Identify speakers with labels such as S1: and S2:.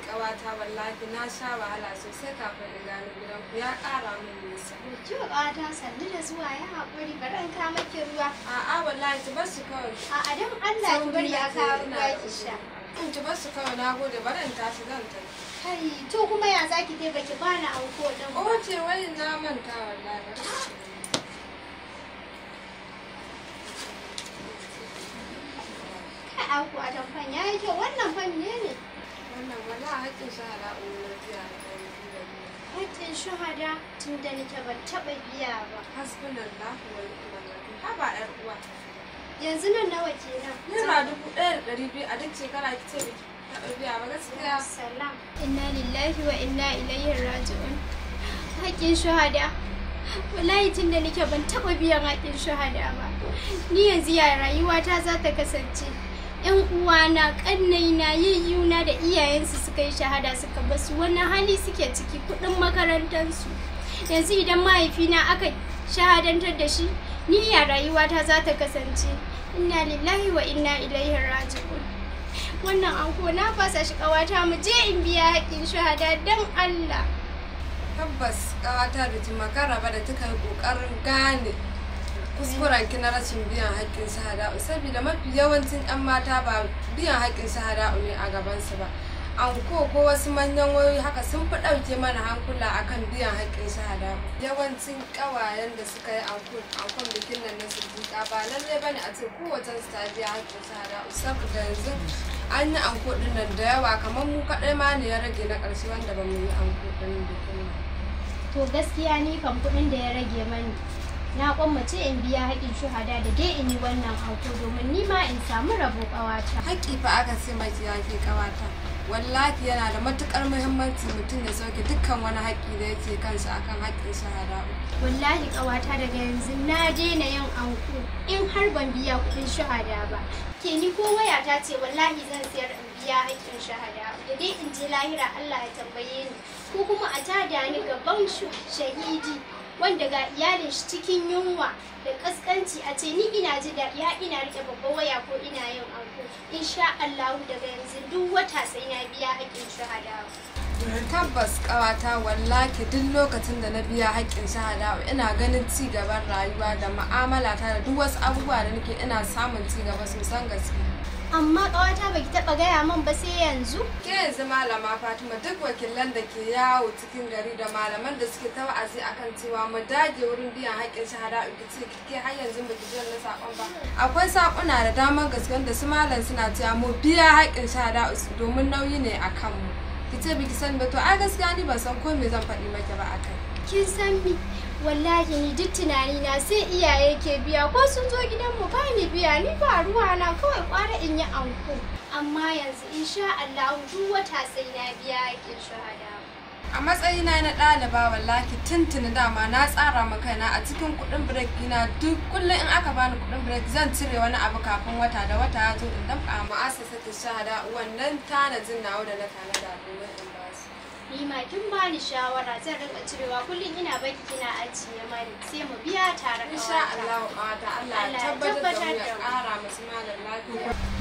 S1: kai ta wallahi na sha wahala sosai kafin in gano gidanku ya ƙara min nisa. Kyau ta sannu da zuwa ya haƙuri bari an kawo maki ruwa. A'a wallahi ki bar su kawai. A'a don Allah ki bari ya kawo ruwa ki sha. In ki bar su kawai na gode bari ta tashi zan tafi. Kai to kuma ya zaki dai baki bani anko ɗin. Ko oh, ce wai na manta wallahi.
S2: aku a tamfan ya yi kyau wannan fan ne wannan wala haƙƙin shahada a haƙƙin shahada tun da nake
S1: ban taɓa biya ba hasbunallahu wa ni'mal wakil haba yar uwa
S2: yanzu nan nawa kenan naira
S1: dubu ɗaya da ɗari biyu a duk shekara ce biki taɓa biya ba gaskiya
S2: salam inna lillahi wa inna ilaihi raji'un haƙƙin shahada wallahi tun da nake ban taɓa biyan haƙƙin shahada ba ni yanzu ya rayuwata za ta kasance yan uwana kannaina yayyuna da iyayensu suka yi shahada suka basu wani hali suke ciki kudin makarantarsu yanzu idan mahaifina aka shahadantar da shi ni ya rayuwata za ta kasance inna lillahi wa inna ilaihi raji'un wannan anko na fasa shi kawata
S1: mu je in biya haƙin shahada don Allah tabbas kawata da makara ba da ta kai gane kuskuren ki na rashin biyan haƙƙin shahada'u saboda mafi yawancin 'yan mata ba biyan haƙƙin shahada'u ne a gabansu ba anko ko wasu manyan wayoyi haka sun fi ɗauke mana hankula akan biyan haƙƙin shahada yawancin ƙawayen da suka yi ankon bikin nan na sirjika ba lallai bane a ce kowace su ta biya haƙƙin shahada saboda yanzu an yi anko ɗin nan da yawa kamar mu kaɗai ma ne ya rage na ƙarshe wanda ba mu yi anko ɗin bikin nan to gaskiya ni
S2: kan kuɗin da ya rage mani na kwammace in biya haƙin shahada da dai in yi wannan auto
S1: domin ni ma in samu rabo ƙawata. Haƙƙi fa aka ce majiya ke ƙawata. Wallahi yana da matuƙar muhimmanci mutum ya sauke dukkan wani haƙƙi da yake kansa akan haƙƙin shahada. Wallahi ƙawata daga yanzu na daina yin anko in har ban biya kuɗin
S2: shahada ba. Ke ni ko waya ta ce wallahi zan siyar in biya haƙƙin shahada da dai in je lahira Allah ya tambaye ni ko kuma a tada ni gaban shahidi wanda ga iyalin shi cikin yunwa da kaskanci a ce ni ina ji da ya ina rike babban waya ko ina yin anko insha Allah daga yanzu duk wata sai na biya hakkin shahada
S1: tabbas ƙawata wallahi duk lokacin da na biya haƙƙin shahada ina ganin ci gaban rayuwa da mu'amala ta da duk wasu abubuwa da nake ina samun ci gaba sosan gaske amma ƙawata baki taɓa gaya min ba sai yanzu ke yanzu malama fatima duk wakilan da ke yawo cikin gari da malaman da suke ta wa'azi akan cewa mu dage wurin biyan haƙƙin shahada uku ce kike har yanzu baki na wannan ba akwai saƙuna da daman gaske wanda su malam suna cewa mu biya haƙƙin shahada uku domin nauyi ne akan mu kice biki san ba to a gaskiya ni ban san ko me zan faɗi maki ba akai
S2: kin san mi wallahi ni duk tunani na sai iyaye ke biya ko sun zo gidanmu ba ni biya ni ba ruwa na kawai kwara in yi anko amma yanzu insha Allah duk wata
S1: sai na biya yake shahada a matsayina na ɗaliba wallahi tuntuni dama na tsara ma kaina a cikin kuɗin break ina duk kullum in aka bani kuɗin break zan cire wani abu kafin wata da wata ya zo in damƙa asasa ta shahada wannan tanadin nawa da na tanada domin in ba su ni ma kin bani shawara zan rinka cirewa kullum ina baki
S2: kina ajiye mani sai mu biya tare kawai insha Allah Allah tabbatar da mu ya lafiya